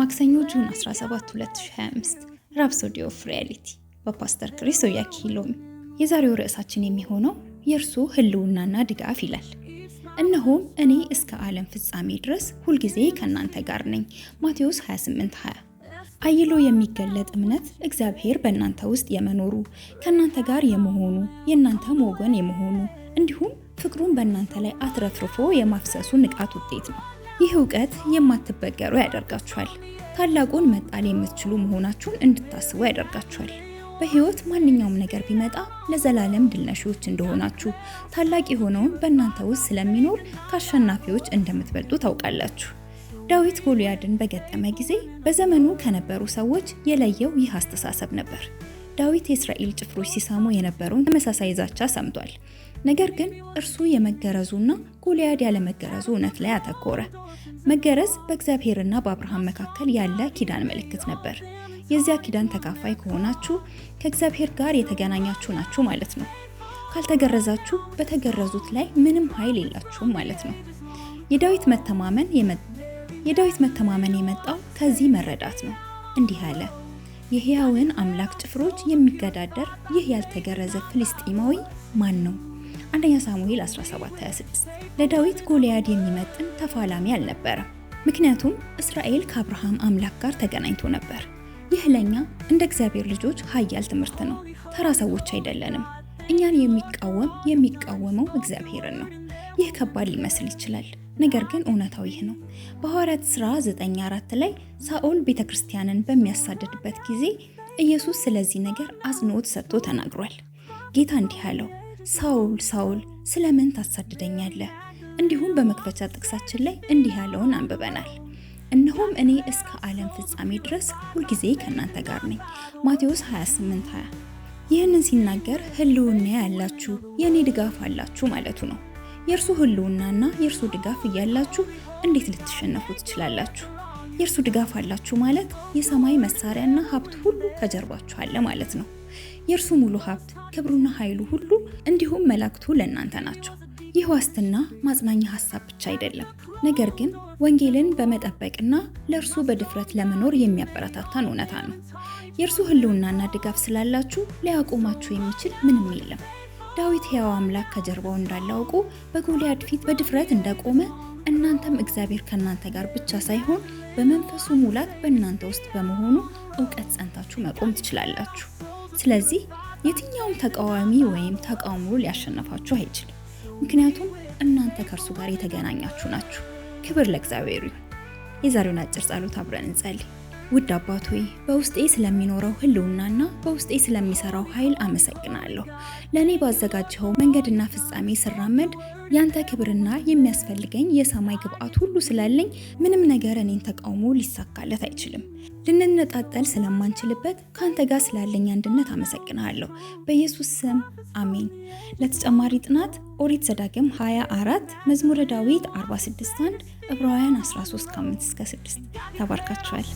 ማክሰኞ ጁን 17 2025 ራፕሶዲ ኦፍ ሪያሊቲ በፓስተር ክሪስ ኦያኪሎሚ። የዛሬው ርዕሳችን የሚሆነው የእርሱ ህልውናና ድጋፍ ይላል። እነሆም እኔ እስከ ዓለም ፍጻሜ ድረስ ሁልጊዜ ከእናንተ ጋር ነኝ። ማቴዎስ 28:20 አይሎ የሚገለጥ እምነት እግዚአብሔር በእናንተ ውስጥ የመኖሩ ከእናንተ ጋር የመሆኑ የእናንተ ወገን የመሆኑ እንዲሁም ፍቅሩን በእናንተ ላይ አትረፍርፎ የማፍሰሱ ንቃት ውጤት ነው። ይህ እውቀት የማትበገሩ ያደርጋችኋል። ታላቁን መጣል የምትችሉ መሆናችሁን እንድታስቡ ያደርጋችኋል። በህይወት ማንኛውም ነገር ቢመጣ ለዘላለም ድልነሾች እንደሆናችሁ፣ ታላቅ የሆነውን በእናንተ ውስጥ ስለሚኖር ከአሸናፊዎች እንደምትበልጡ ታውቃላችሁ። ዳዊት ጎልያድን በገጠመ ጊዜ በዘመኑ ከነበሩ ሰዎች የለየው ይህ አስተሳሰብ ነበር። ዳዊት የእስራኤል ጭፍሮች ሲሳሙ የነበረውን ተመሳሳይ ዛቻ ሰምቷል። ነገር ግን እርሱ የመገረዙና ጎልያድ ያለመገረዙ እውነት ላይ አተኮረ። መገረዝ በእግዚአብሔርና በአብርሃም መካከል ያለ ኪዳን ምልክት ነበር። የዚያ ኪዳን ተካፋይ ከሆናችሁ ከእግዚአብሔር ጋር የተገናኛችሁ ናችሁ ማለት ነው። ካልተገረዛችሁ በተገረዙት ላይ ምንም ኃይል የላችሁም ማለት ነው። የዳዊት መተማመን የመጣው ከዚህ መረዳት ነው። እንዲህ አለ የሕያውን አምላክ ጭፍሮች የሚገዳደር ይህ ያልተገረዘ ፍልስጤማዊ ማን ነው? አንደኛ ሳሙኤል 17:26 ለዳዊት ጎልያድ የሚመጥን ተፋላሚ አልነበረ። ምክንያቱም እስራኤል ከአብርሃም አምላክ ጋር ተገናኝቶ ነበር። ይህ ለእኛ እንደ እግዚአብሔር ልጆች ኃያል ትምህርት ነው። ተራ ሰዎች አይደለንም። እኛን የሚቃወም የሚቃወመው እግዚአብሔርን ነው። ይህ ከባድ ሊመስል ይችላል። ነገር ግን እውነታው ይህ ነው። በሐዋርያት ሥራ 9፥4 ላይ ሳኦል ቤተ ክርስቲያንን በሚያሳድድበት ጊዜ ኢየሱስ ስለዚህ ነገር አጽንኦት ሰጥቶ ተናግሯል። ጌታ እንዲህ አለው፣ ሳውል ሳውል ስለምን ታሳድደኛለህ? እንዲሁም በመክፈቻ ጥቅሳችን ላይ እንዲህ ያለውን አንብበናል፣ እነሆም እኔ እስከ ዓለም ፍጻሜ ድረስ ሁልጊዜ ከእናንተ ጋር ነኝ። ማቴዎስ 28 20 ይህንን ሲናገር ህልውና ያላችሁ የእኔ ድጋፍ አላችሁ ማለቱ ነው። የእርሱ ህልውናና የእርሱ ድጋፍ እያላችሁ እንዴት ልትሸነፉ ትችላላችሁ? የእርሱ ድጋፍ አላችሁ ማለት የሰማይ መሳሪያና ሀብት ሁሉ ከጀርባችሁ አለ ማለት ነው። የእርሱ ሙሉ ሀብት ክብሩና ኃይሉ ሁሉ እንዲሁም መላእክቱ ለእናንተ ናቸው። ይህ ዋስትና ማጽናኛ ሀሳብ ብቻ አይደለም፣ ነገር ግን ወንጌልን በመጠበቅና ለእርሱ በድፍረት ለመኖር የሚያበረታታን እውነታ ነው። የእርሱ ህልውናና ድጋፍ ስላላችሁ ሊያቆማችሁ የሚችል ምንም የለም። ዳዊት ሕያው አምላክ ከጀርባው እንዳለ አውቆ በጎልያድ ፊት በድፍረት እንደቆመ እናንተም እግዚአብሔር ከእናንተ ጋር ብቻ ሳይሆን በመንፈሱ ሙላት በእናንተ ውስጥ በመሆኑ እውቀት ጸንታችሁ መቆም ትችላላችሁ። ስለዚህ የትኛውም ተቃዋሚ ወይም ተቃውሞ ሊያሸነፋችሁ አይችልም፣ ምክንያቱም እናንተ ከእርሱ ጋር የተገናኛችሁ ናችሁ። ክብር ለእግዚአብሔር ይሁን። የዛሬውን አጭር ጸሎት አብረን እንጸልይ። ውድ አባት ሆይ በውስጤ ስለሚኖረው ህልውናና በውስጤ ስለሚሰራው ኃይል አመሰግናለሁ። ለእኔ ባዘጋጀኸው መንገድና ፍጻሜ ስራመድ ያንተ ክብርና የሚያስፈልገኝ የሰማይ ግብአት ሁሉ ስላለኝ ምንም ነገር እኔን ተቃውሞ ሊሳካለት አይችልም። ልንነጣጠል ስለማንችልበት ከአንተ ጋር ስላለኝ አንድነት አመሰግናለሁ በኢየሱስ ስም አሜን። ለተጨማሪ ጥናት ኦሪት ዘዳግም 24፣ መዝሙረ ዳዊት 461፣ ዕብራውያን 13:5-6 ተባርካችኋል።